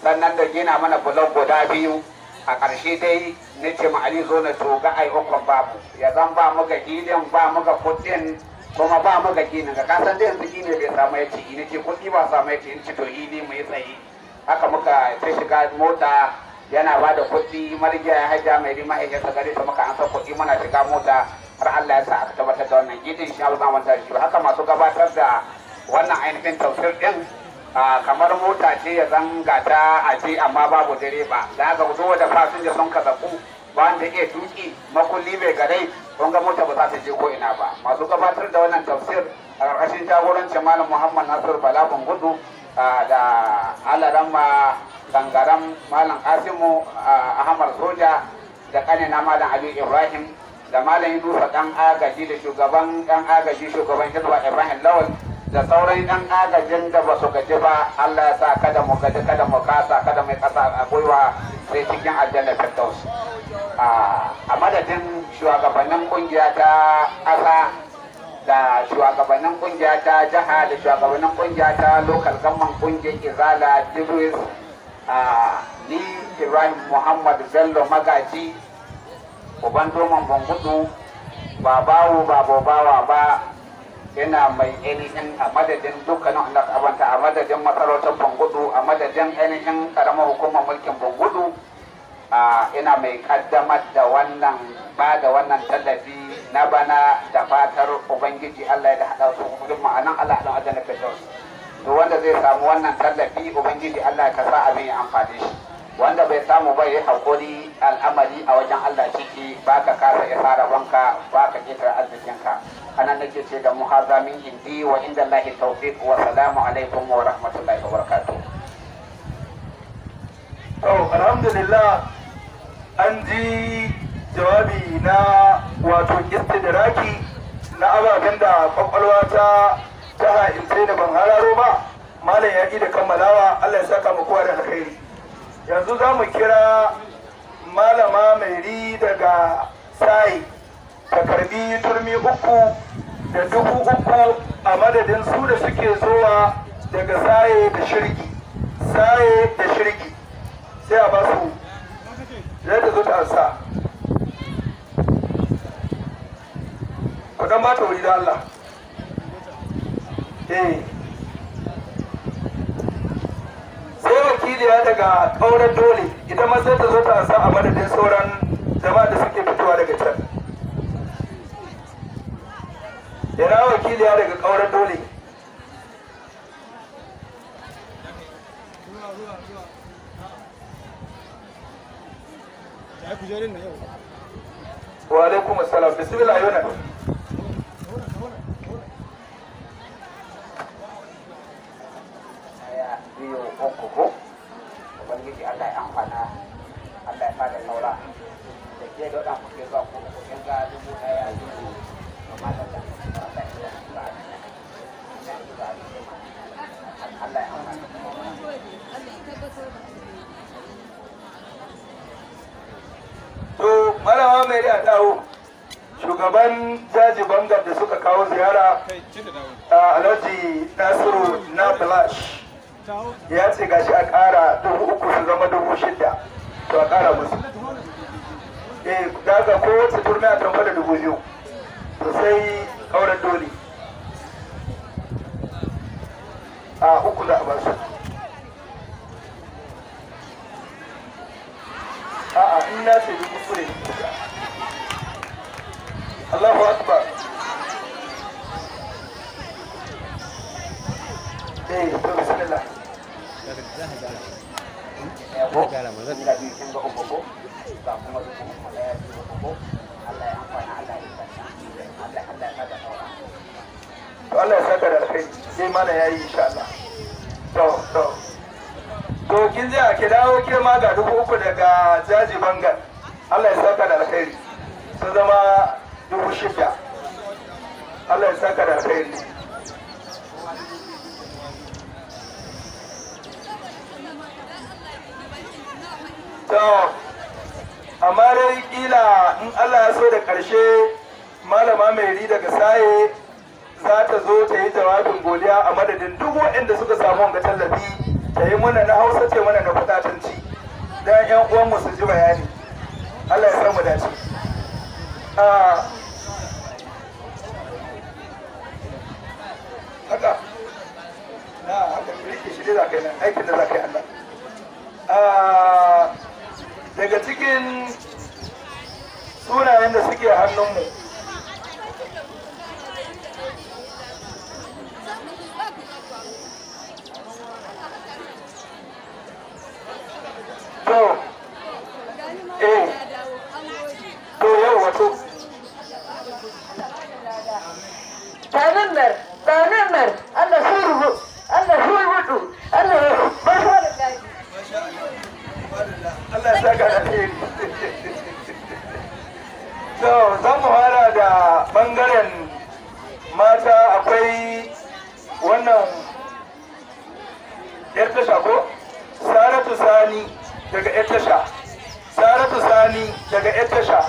sannan da gina mana bulon guda biyu a ƙarshe dai na ce ma'ali zo na toga ai hukun babu ya zan ba mu ga ginin ba mu ga kuɗin kuma ba mu ga ga kasan da yanzu gina bai samu ya ci ina ce kuɗi ba samu ya ci ina ce to ili mu yi tsaye haka muka ta shiga mota yana ba da kuɗi marigiya ya hajja mai rima ya sa gari ta muka an sa kuɗi muna shiga mota har Allah ya sa aka tabbatar da wannan gidan shi Allah ba shi haka masu gabatar da wannan ainihin tausir din kamar mota ce ya zanga ta a ce amma babu direba da haka zo da fasinja sun ka zaku ba da iya tuki makulli bai gare kun ga mota ba za ta je ko ina ba masu gabatar da wannan tafsir a ƙarƙashin jagorancin malam muhammad nasir bala gudu da ma gangaren malam kasimu ahmad soja da kanina malam ali ibrahim da malam dusa dan agaji da shugaban dan agaji shugaban hizba ibrahim lawal da sauran yan agajin da ba su gaji ba Allah ya sa kada mu gaji kada mu kasa kada mai kasa a gwiwa sai cikin aljanna firdaus a madadin shugabannin kungiya ta ƙasa da shugabannin kungiya ta jiha da shugabannin kungiya ta lokal gamman kungiyar izala a ni ibrahim muhammad bello magaji uban doman bangudu ba ba bobawa ba yana mai ainihin a madadin dukkanin wanda abanta a madadin masarautar bangudu a madadin ainihin karamar hukumar mulkin bangudu ina mai kaddamar da wannan ba da wannan tallafi na bana da fatar ubangiji allah ya da haɗa su a ma'anan allah ɗan wajen da duk wanda zai samu wannan tallafi ubangiji allah ya kasa abin ya amfani shi wanda bai samu bai haƙuri al'amari a wajen allah ciki baka kasa ya fara banka baka ƙetare arzikinka anan nake ce da muhaza min indi wa inda Allahi tawfiq wa salamu alaikum wa rahmatullahi wa barakatuh to alhamdulillah an ji jawabi na wato istidraki na ababen da kwakwalwa ta ta ha'ince da ban hararo ba malam ya da kammalawa Allah ya saka mu kowa da alkhairi yanzu za mu kira malama mai ri daga sai ka karbi turmi uku da dubu uku a madadin su da suke zowa daga saye da shirgi saye da shirgi sai a basu yadda zai sa zo ta ansa kudan ba ta wuri da Allah eh sai wakiliya daga kauran dole ita ma sai ta zo ta ansa a madadin sauran jama'a da suke fitowa daga can Yana wakiliya daga ƙauren dole wa alaikum assalam bismillah yunus to amma dai kila in allah ya so da ƙarshe malama mai ri daga saye za ta zo ta yi jawabin godiya a madadin duk waɗanda suka samu wanga tallafi ta yi mana na hausa ce mana na kudatanci don yan uwanmu su ji bayani allah ya samu dace haka na haka rike za ka yi nan aikin da za ka yi allah daga cikin sunayen da suke hannunmu to eh bangaren mata akwai wannan yar tasha ko saratu sani daga yar tasha saratu sani daga yar tasha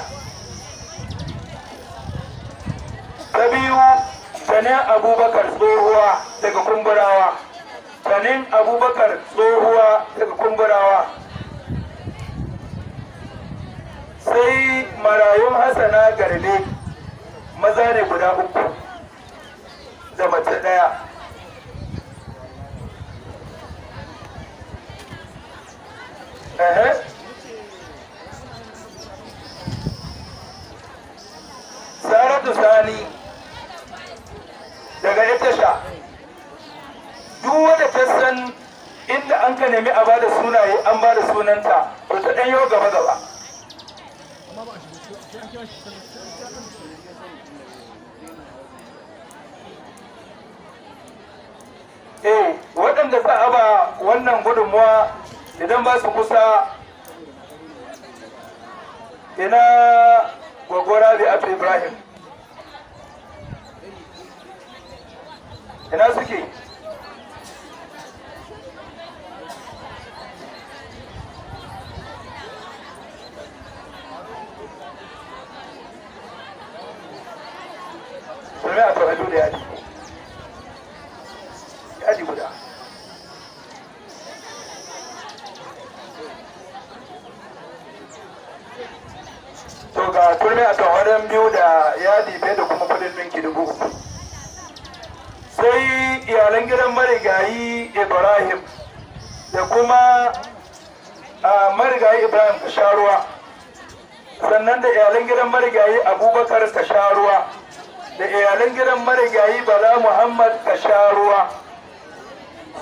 ta biyu sanin abubakar tsohuwa daga kumburawa tanin abubakar tsohuwa daga kumburawa sai marayun hasana garde guda uku da mace ɗaya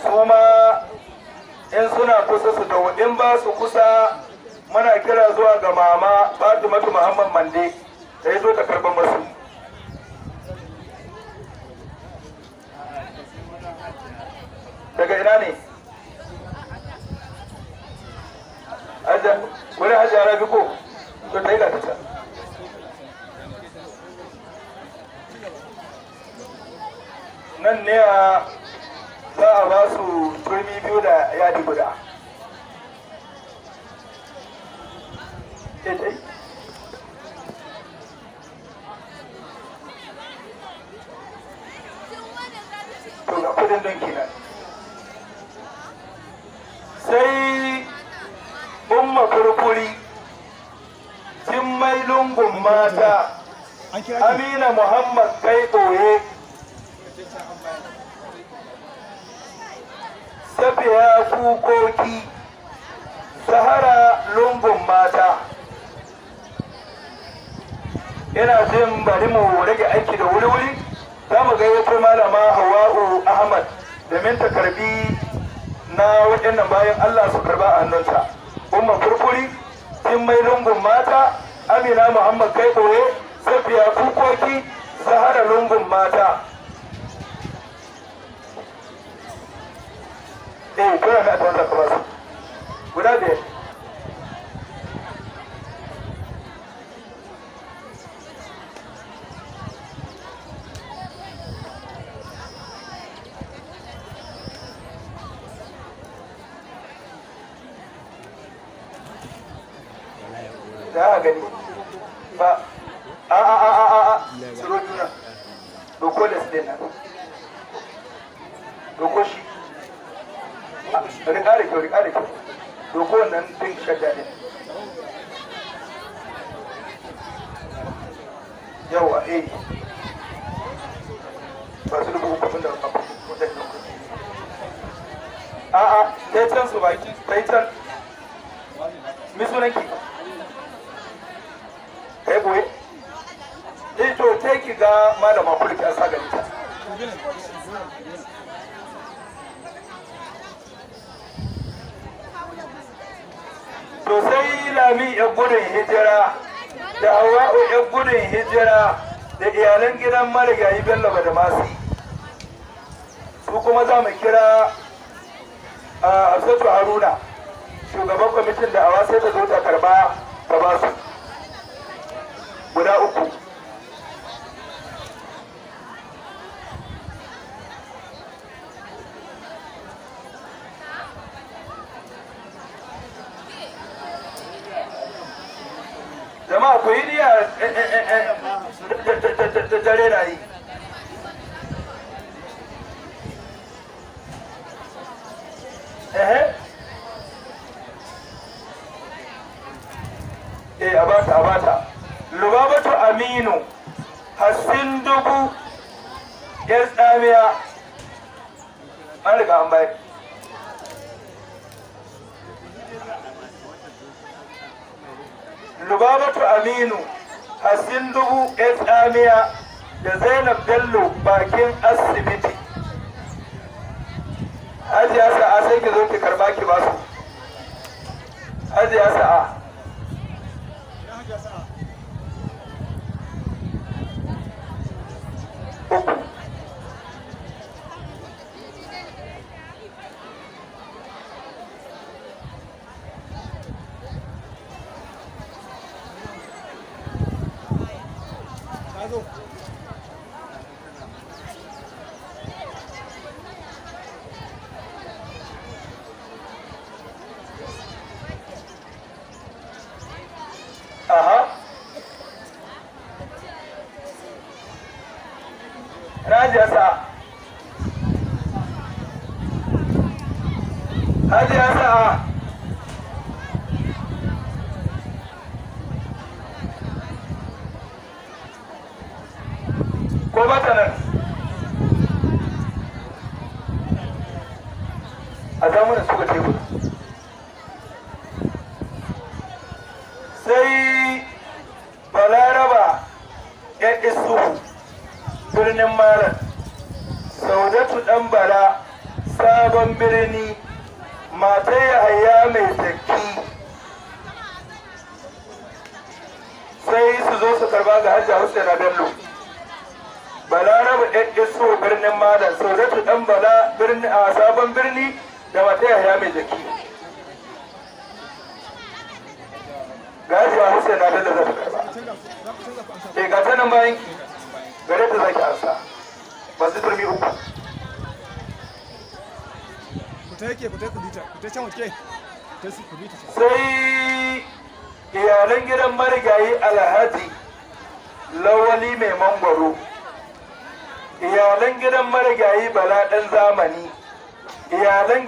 kuma in suna kusa su dawo in ba su kusa muna kira zuwa ga mama fatimatu muhammad mande da ya zo ta karban musu daga ina ne wani hajji arabi ko to ta yi gatata nan ne a za a ba su turmi biyu da yadi guda sai umma kurkuri jimmai lungun mata amina muhammad kai ɓoye safiya kukoki sahara lungun mata yana zin bari mu rage aiki da wuri-wuri za mu gayyato malama hawa'u ahmad da ta karbi na waɗannan bayan allah su karba a hannunta umma furfuri jin mai lungun mata amina muhammad kai ɓoye safiya kukoki sahara lungun mata 내 우편함에 본다 그러서 문화재 ahí a zamanin suka tebur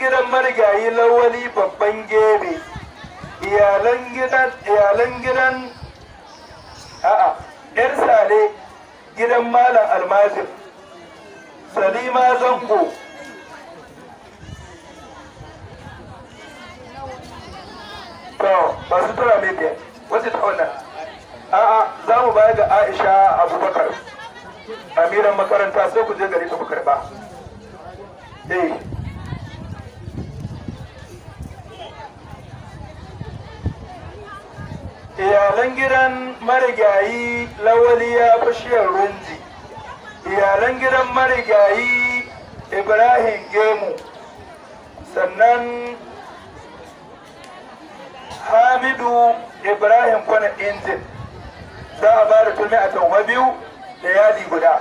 gidan marigayi lawali babban gebe iyalan gidan iyalan gidan a'a yar gidan malam almajir salima zango to ba tura mai ta wannan a'a za mu bayar ga aisha abubakar amiran makaranta sai ku je gari ku karba eh iyalan gidan marigayi lawaliya bashiyar runji iyalan gidan marigayi ibrahim gemu sannan hamidu ibrahim kwana injin za a ba da tumi a tauwa biyu da yadi guda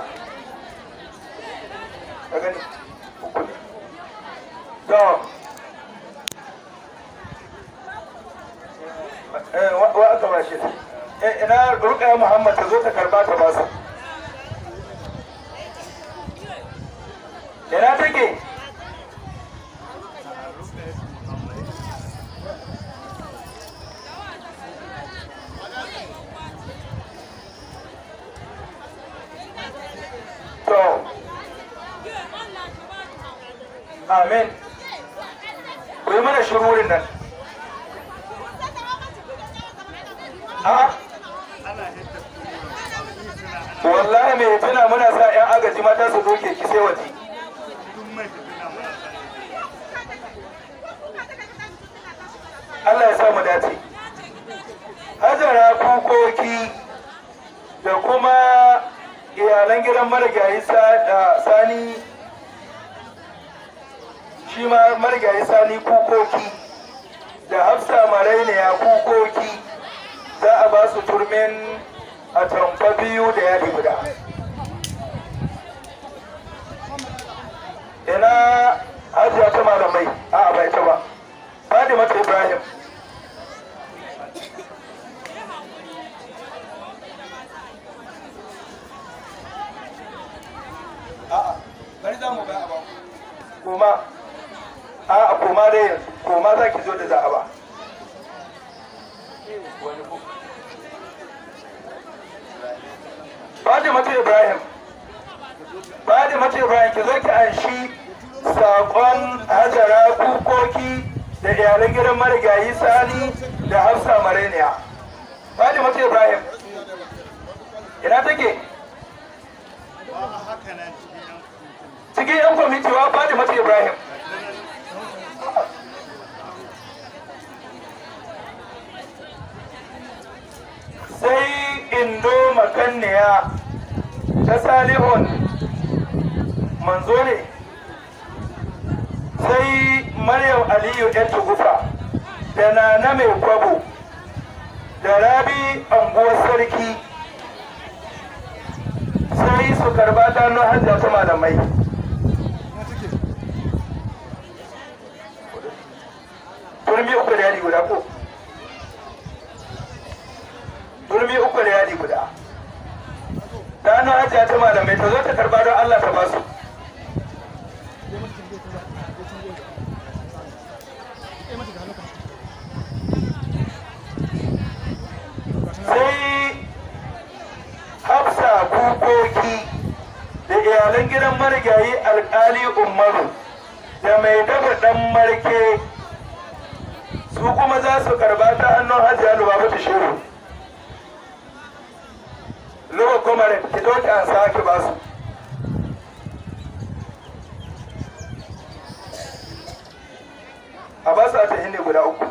Amen. aka ba shi ina rukaya muhammad ta zo ta karba ta ba su ina take Amin. Ku yi mana shirurin nan. wallahi mai fitina muna sa 'yan agaji mata su doke kise waje Allah ya sa mu dace hajara kukoki da kuma iyalan gidan marigayi sani shi ma marigayi sani kukoki da hafsa maraina ya kukoki za a ba su turmin a tamfa biyu da yadi guda marigayi alkali umaru da mai dafa dan marke su kuma za su karba ta hannun hajiya lubaba ta shiru luba komare ki ɗauki an sake ba su a ba su a ta hindi guda uku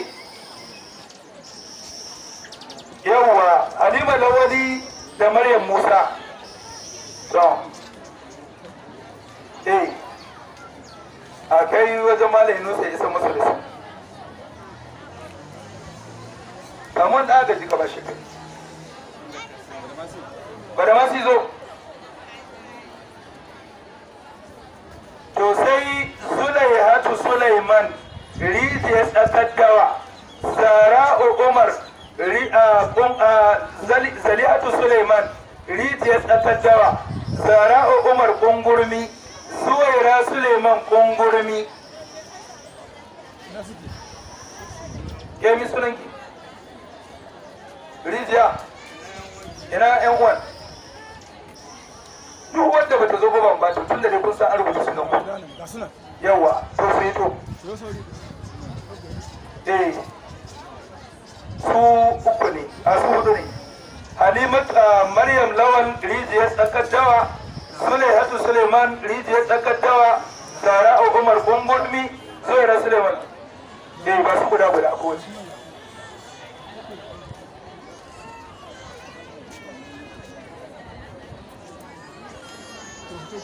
eh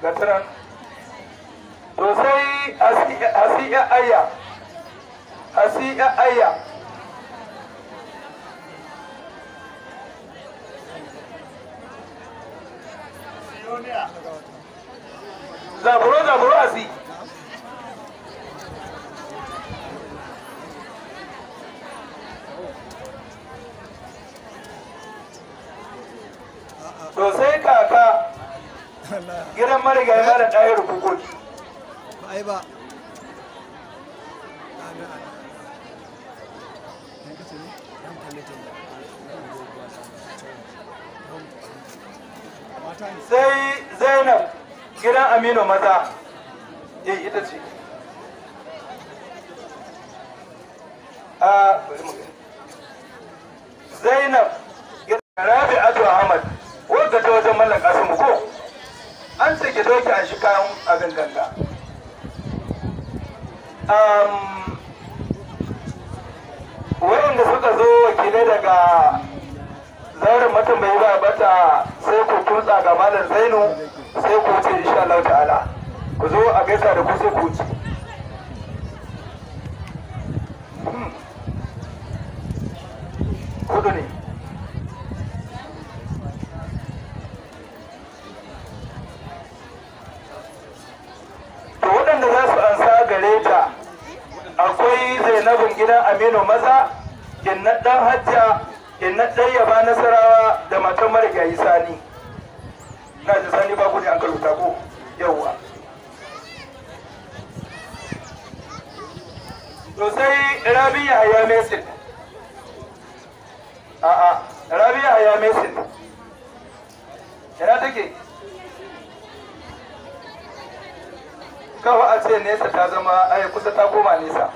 ga tsiran to sai ayah, aya asiya ayah. gidan aminu maza na dan hajja na dan yaba nasarawa da matan marigayi sani na ji sani ba ku ne an karuta ko yawwa to sai rabiya ya mesin a'a rabiya ya mesin ina take Kawai a ce nesa ta zama ai kusa ta koma nesa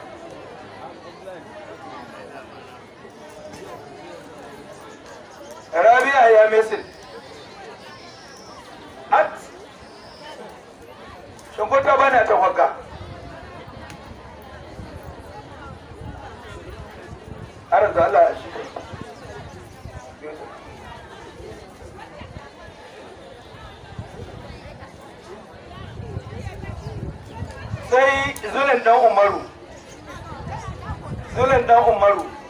rabia ya mesin hat shingota bana ta hwaka har da Allah shi sai zulun dan umaru zulun dan umaru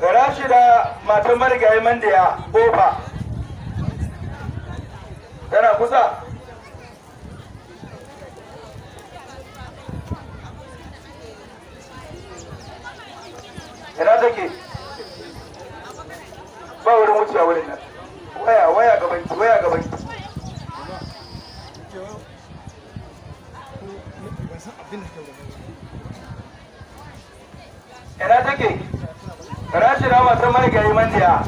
rashida matan marigayi mandiya bofa tana kusa ina take ba wurin wuce a wurin nan waya waya gabanki waya gabanki ina take rashi na masu marigayi mandiya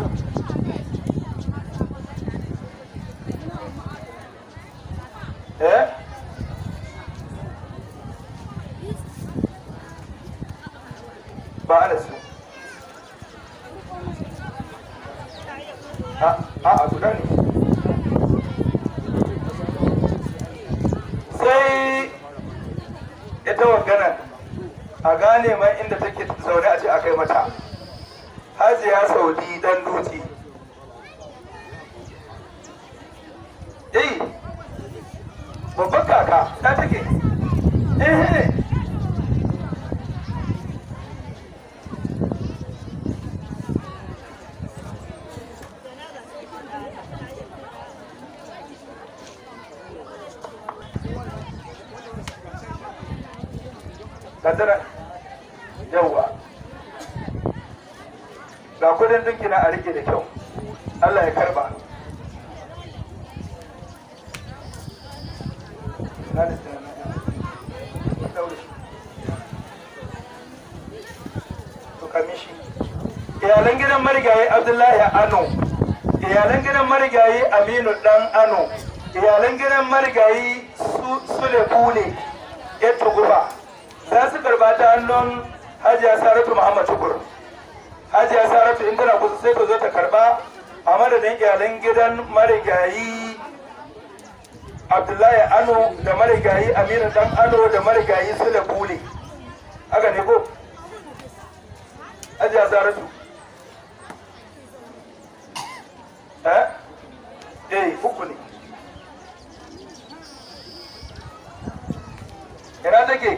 ano iyalan gidan marigayi aminu dan ano iyalan gidan marigayi sule bule ya tuguba za su karba ta hannun hajiya saratu muhammad tukur hajiya saratu in tana kusa sai ka zo ta karba a madadin iyalan gidan marigayi abdullahi ano da marigayi aminu dan ano da marigayi sule bule haka ne ko hajiya saratu Eh? eh uku ne ina take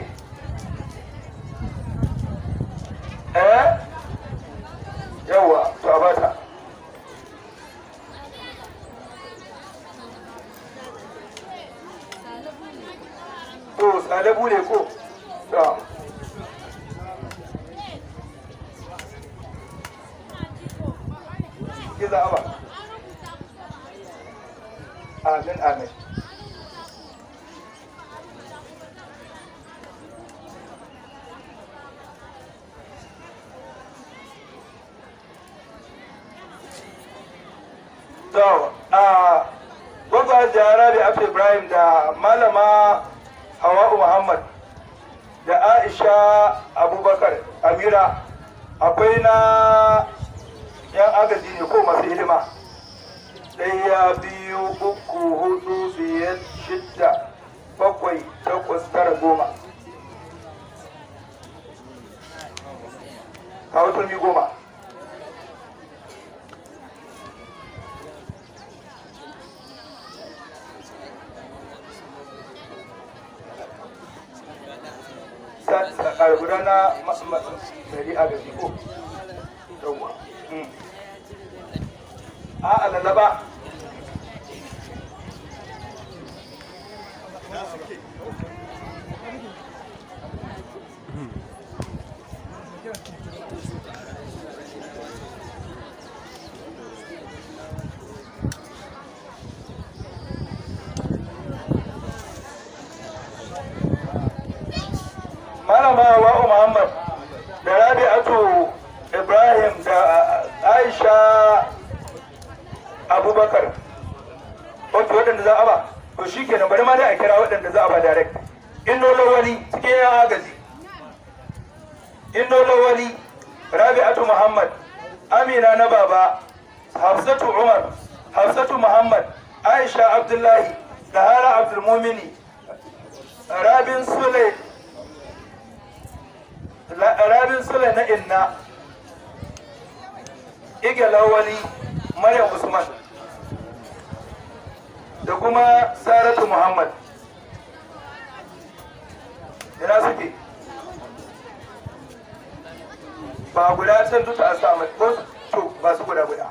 eh yawa to a to salabu ne ko to ki za a ba amin amin to a gwagwa jara da afi ibrahim da malama hawa'u muhammad da aisha abubakar amira akwai na yan agaji ne ko masu hidima ya biyu uku hudu biyar shidda bakwai takwas tara goma ba guda can duka a sa mai ko to ba su guda guda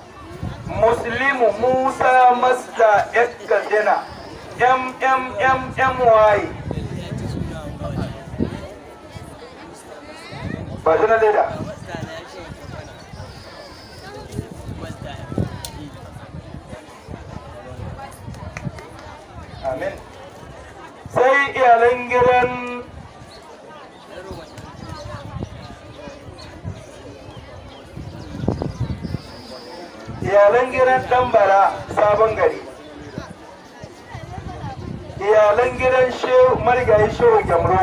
muslimu musa masta ekadena mmmy ba leda amin sai iyalan gidan gonar dambara sabon gari iyalan gidan marigayi shehu gyamro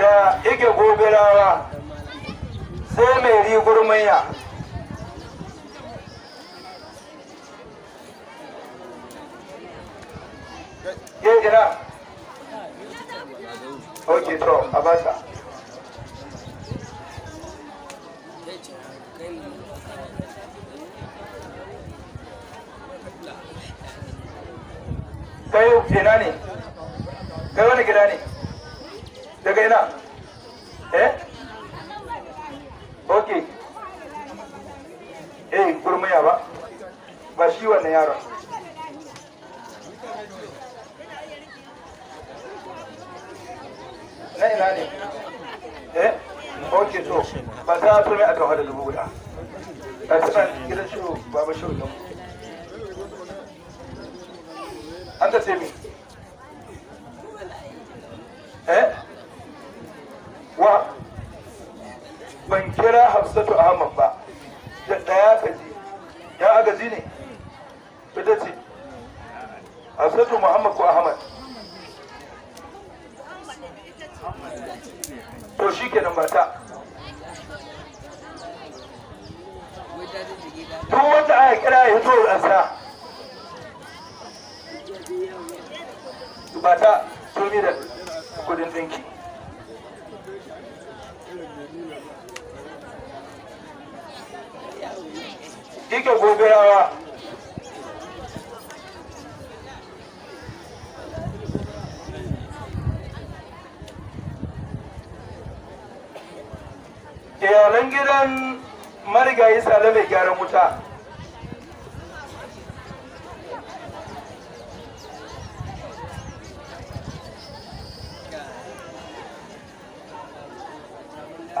da ige gobirawa sai mai rigur manya ya ok to a basa kai ina ne kai wani gida ne daga ina eh ok eh gurmiya ba ba shi wannan yaron na ina ne eh ok so ba za su mai aka hada dubu guda a cikin gidan shi ba ba shi an ta ce mi eh wa ban kira hafsatu ahmad ba da ɗaya gaji ya agaji ne ita ce hafsatu muhammad ko ahmad to shi ke ba mata. duk wanda aya kira ya hito a ba ta tuni da kudin ɗinki Ike goberawa iyalan gidan marigayi Salamai gyaran wuta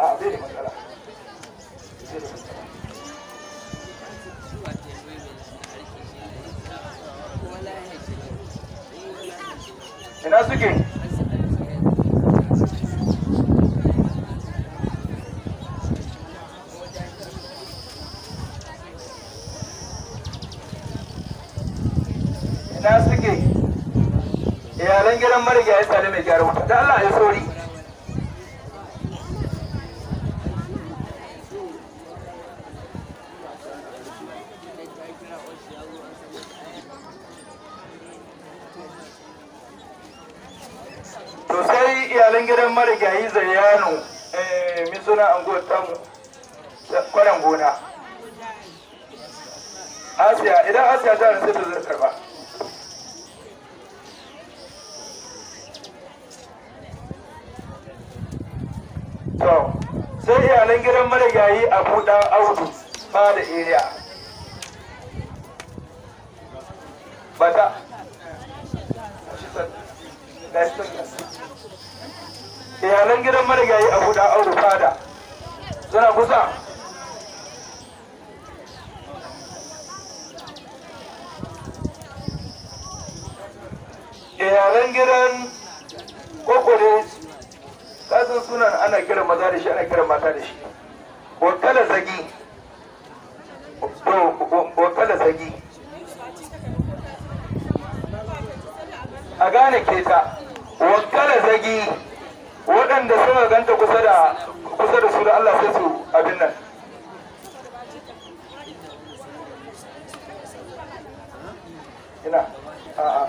a bai ina suke ina suke iyalan gidan marigayi sale mai gyara wuta da Allah ya sori zargi a gane keta wakana zagi waɗanda suna ganta kusa da kusa da su da Allah sai su abin nan ina a a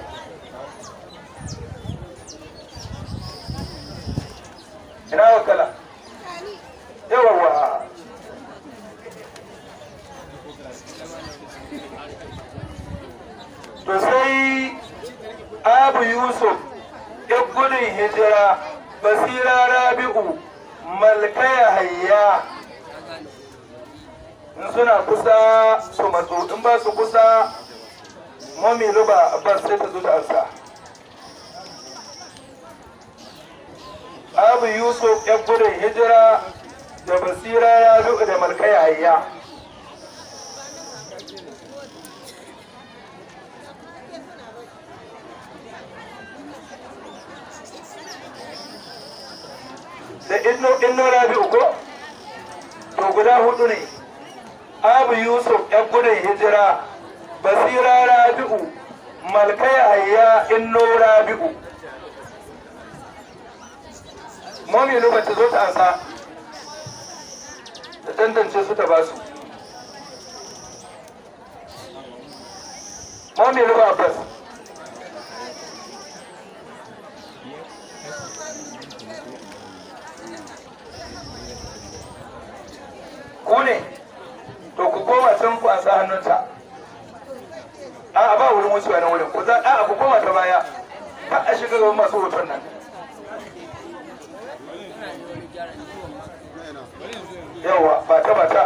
ina wakala Shehu Yusuf Ibgunin Hijira Basira Rabi'u Malkaya Hayya in suna kusa su matsu in ba su kusa mami luba abbas sai ta zo ta ansa abu yusuf ya gudun hijira da basira rabi'u da malkaya hayya inno rabi'u ko to guda hudu ne abu yusuf yan gudun hijira basira rabi'u malkai hayya inno rabi'u mami ba bata zo ta ansa ta tantance su ta basu mominu ba abbas ku ne to ku koma can ku a sa hannunsa a ba wurin wucewa na wurin ku za a ku koma ta baya ba a shiga ga masu hoton nan yawa ba ta ba ta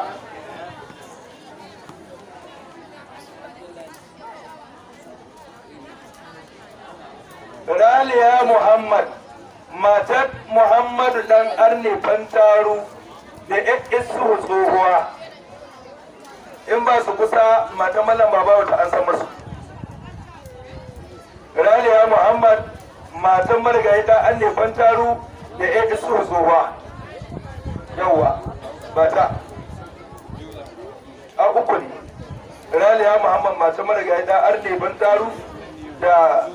Raliya Muhammad, matar Muhammadu ɗan Arne Fantaru. da su tsohuwa in ba su kusa matan mallam babawa ta an san masu raliya muhammad matan marigayi an nefan taru da ya su tsohuwa yawwa ba ta a uku ne raliya muhammad matan marigayi ta an nefan taru da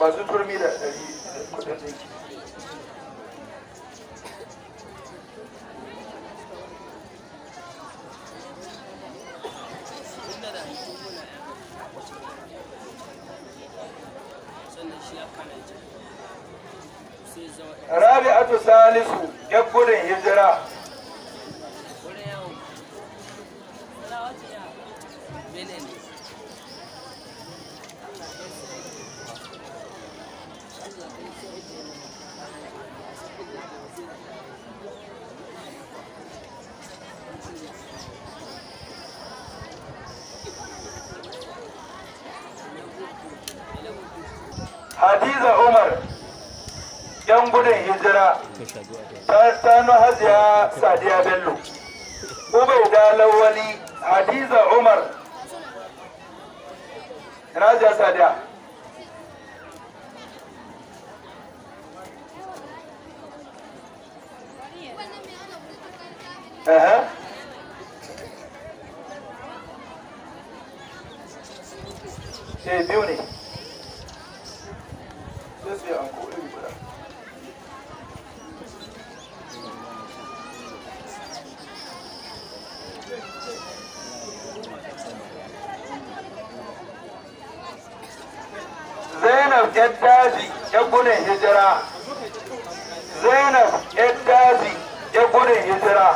mas Bazı durumuyla sanu hajiya sadiya bello da lawali hadiza umar raja sadiya ‘yan daji gudun hijira zainab ‘yan daji ‘yan gudun hijira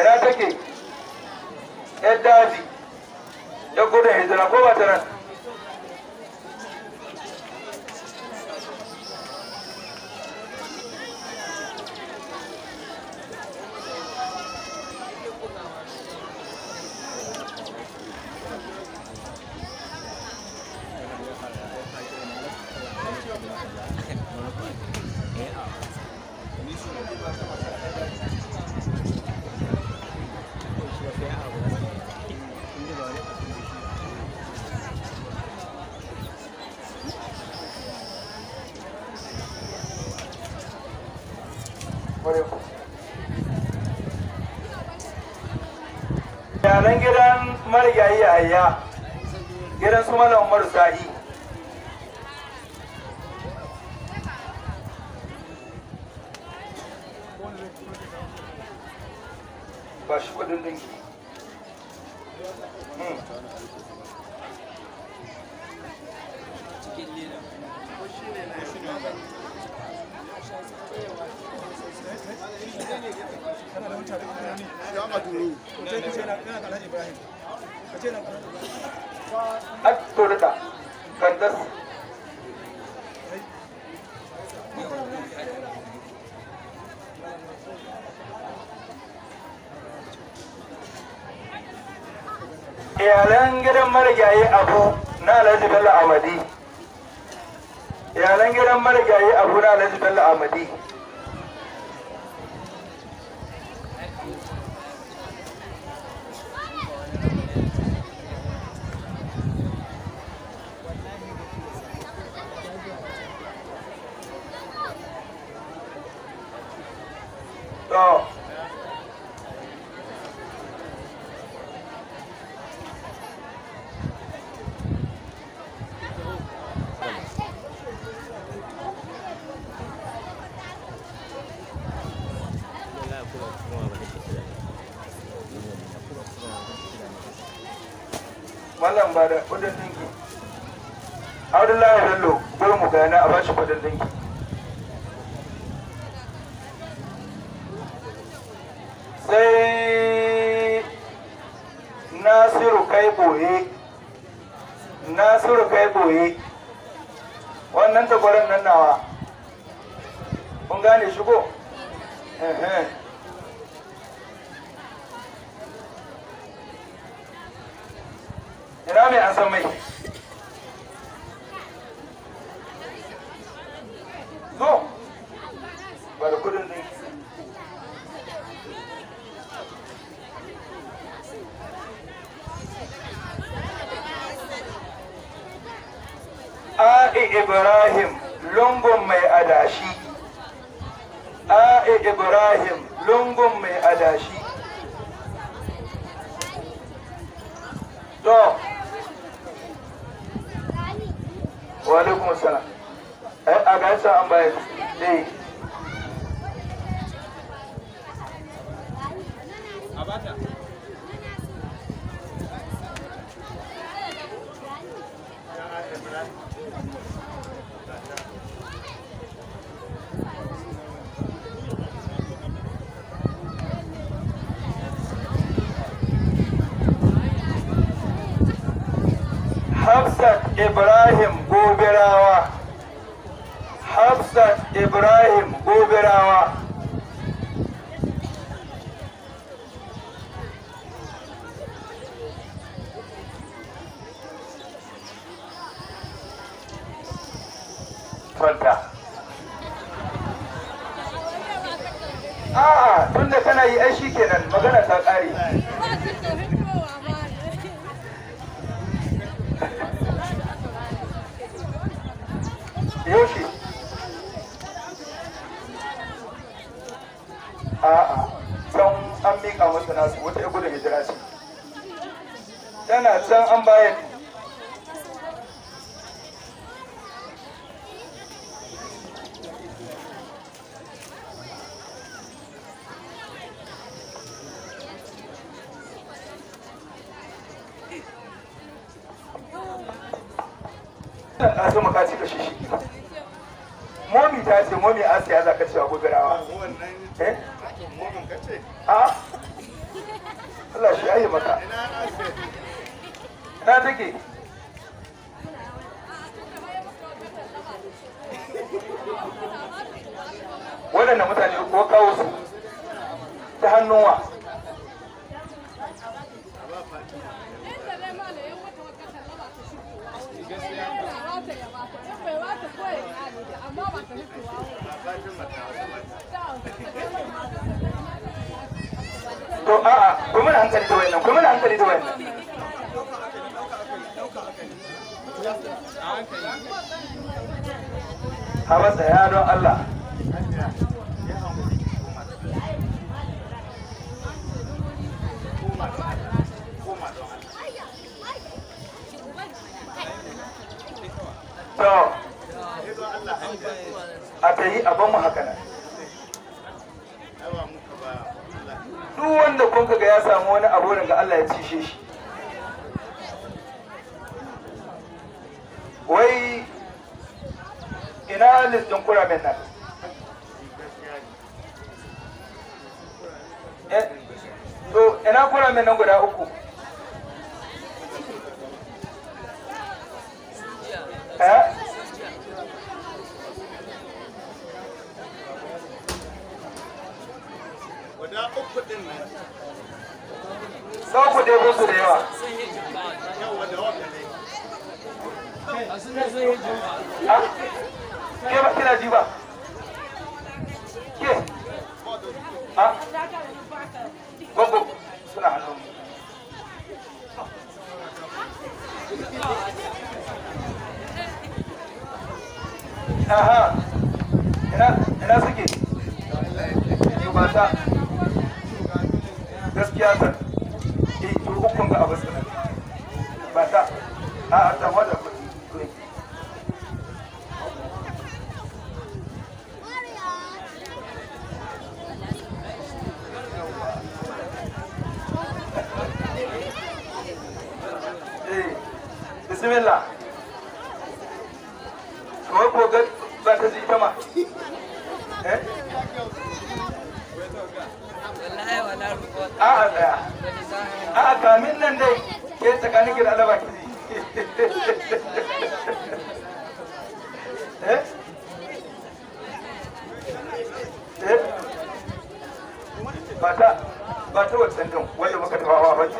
ina take ‘yan daji gudun hijira ko ba ta su mana umaru sa'i ba shi kudin da hmm. Ya अक्तुरता कंदस iyalan gidan marigayi abu na alhaji bello amadi iyalan gidan marigayi abu na alhaji bello amadi 走 mika masa nasu wata ya gudun hijira ce tana can an bayar momi ta ce momi a siya za ka cewa gobirawa eh wai ina listin kuramen nan eh, to ina kuramen nan guda uku ba ta ba ta wancan din wanda muka tafa hawa ba ce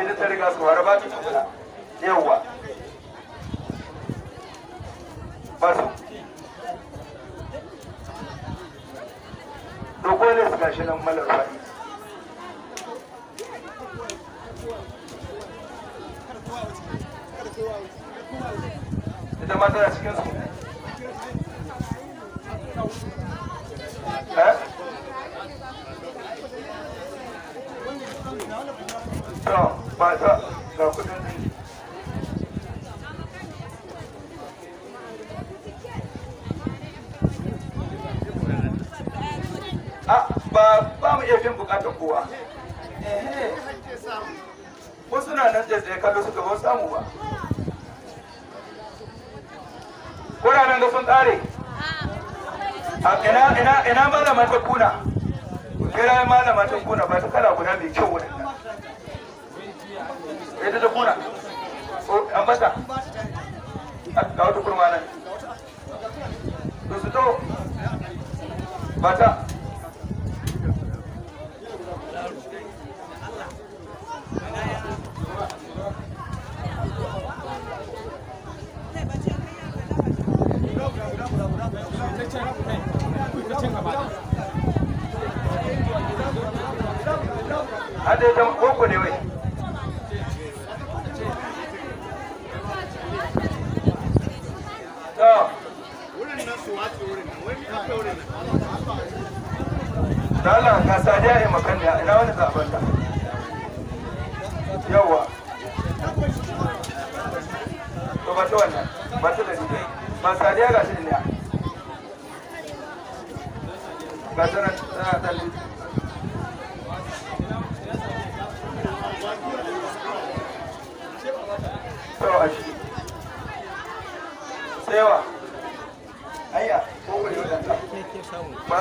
idan ta riga su fara ba ta tukuna yawwa ba su dogo ne su gashi nan malar fa'i ita ma tana cikin su mata ga kudin dinki ah, ba ba mu iya bin bukatar kowa Ko suna nan da tsaye kallo suka ban samu ba wuraren da sun tsare ina ina ina malama ta kuna kira malama ta kuna ba ta kala guda mai kyau wani ita ta kona an mata ga wata kurma nan su to Ada yang ne wai. Dala ga sadiya ya ina wani zaben da. ba ta wannan ba ta da Ba sadiya ga shi ta na a Sai wa. ba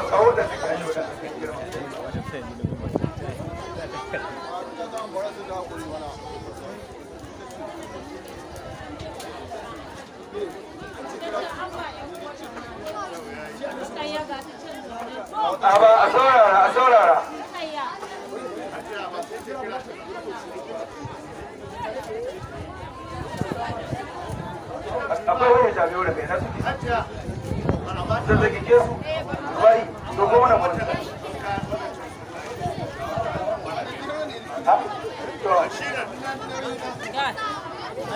a ba a saurara bai da gwamna wani a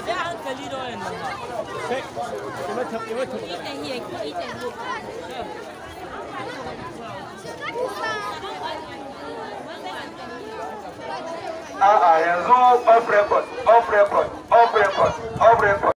bi hankali da wayan nan A'a off record, off record, off record, off record.